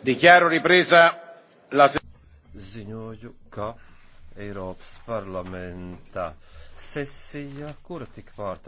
Dichiaro ripresa la Ziņoju, ka Eiropas parlamenta sesija, kura tik vārta.